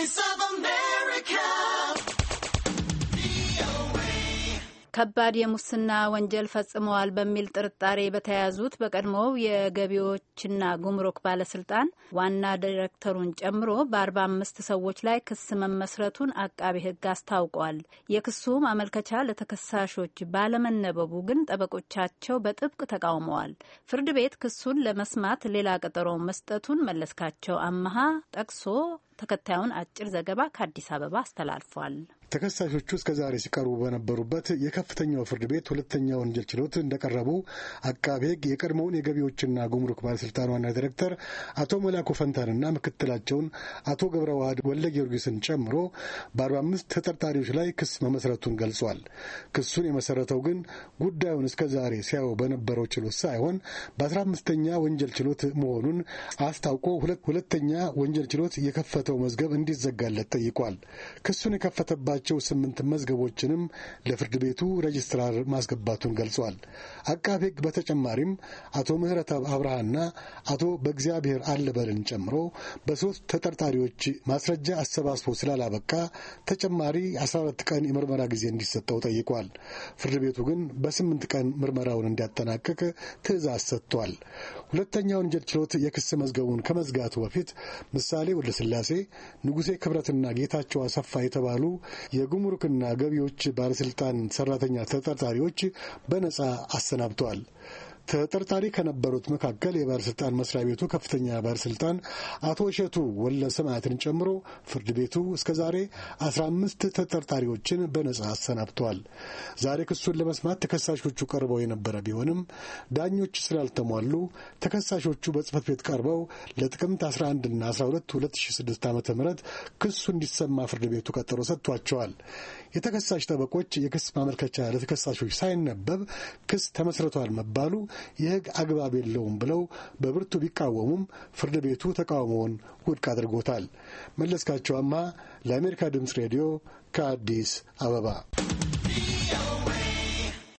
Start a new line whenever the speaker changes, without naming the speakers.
Voice of America
ከባድ የሙስና ወንጀል ፈጽመዋል በሚል ጥርጣሬ በተያዙት በቀድሞው የገቢዎችና ጉምሩክ ባለስልጣን ዋና ዲሬክተሩን ጨምሮ በአርባ አምስት ሰዎች ላይ ክስ መመስረቱን አቃቤ ሕግ አስታውቋል። የክሱ ማመልከቻ ለተከሳሾች ባለመነበቡ ግን ጠበቆቻቸው በጥብቅ ተቃውመዋል። ፍርድ ቤት ክሱን ለመስማት ሌላ ቀጠሮ መስጠቱን መለስካቸው አመሃ ጠቅሶ ተከታዩን አጭር ዘገባ ከአዲስ አበባ አስተላልፏል።
ተከሳሾቹ እስከ ዛሬ ሲቀርቡ በነበሩበት የከፍተኛው ፍርድ ቤት ሁለተኛ ወንጀል ችሎት እንደቀረቡ አቃቤ ሕግ የቀድሞውን የገቢዎችና ጉምሩክ ባለስልጣን ዋና ዲሬክተር አቶ መላኩ ፈንታንና ምክትላቸውን አቶ ገብረ ዋህድ ወልደ ጊዮርጊስን ጨምሮ በአርባ አምስት ተጠርጣሪዎች ላይ ክስ መመስረቱን ገልጿል። ክሱን የመሰረተው ግን ጉዳዩን እስከ ዛሬ ሲያየው በነበረው ችሎት ሳይሆን በአስራ አምስተኛ ወንጀል ችሎት መሆኑን አስታውቆ ሁለተኛ ወንጀል ችሎት የከፈተው መዝገብ እንዲዘጋለት ጠይቋል። ክሱን የከፈተባ ያላቸው ስምንት መዝገቦችንም ለፍርድ ቤቱ ረጅስትራር ማስገባቱን ገልጿል። አቃቤ ሕግ በተጨማሪም አቶ ምህረት አብርሃና አቶ በእግዚአብሔር አለበልን ጨምሮ በሶስት ተጠርጣሪዎች ማስረጃ አሰባስቦ ስላላበቃ ተጨማሪ 14 ቀን የምርመራ ጊዜ እንዲሰጠው ጠይቋል። ፍርድ ቤቱ ግን በስምንት ቀን ምርመራውን እንዲያጠናቅቅ ትዕዛዝ ሰጥቷል። ሁለተኛው ወንጀል ችሎት የክስ መዝገቡን ከመዝጋቱ በፊት ምሳሌ ስላሴ፣ ንጉሴ ክብረትና ጌታቸው አሰፋ የተባሉ የጉምሩክና ገቢዎች ባለስልጣን ሰራተኛ ተጠርጣሪዎች በነጻ አሰናብተዋል። ተጠርጣሪ ከነበሩት መካከል የባለስልጣን መስሪያ ቤቱ ከፍተኛ ባለስልጣን አቶ እሸቱ ወለ ሰማያትን ጨምሮ ፍርድ ቤቱ እስከ ዛሬ አስራ አምስት ተጠርጣሪዎችን በነጻ አሰናብተዋል። ዛሬ ክሱን ለመስማት ተከሳሾቹ ቀርበው የነበረ ቢሆንም ዳኞች ስላልተሟሉ ተከሳሾቹ በጽህፈት ቤት ቀርበው ለጥቅምት 11ና 12 2006 ዓ ም ክሱ እንዲሰማ ፍርድ ቤቱ ቀጠሮ ሰጥቷቸዋል። የተከሳሽ ጠበቆች የክስ ማመልከቻ ለተከሳሾች ሳይነበብ ክስ ተመስርቷል መባሉ የህግ አግባብ የለውም ብለው በብርቱ ቢቃወሙም ፍርድ ቤቱ ተቃውሞውን ውድቅ አድርጎታል። መለስካቸው ለአሜሪካ ድምፅ ሬዲዮ ከአዲስ አበባ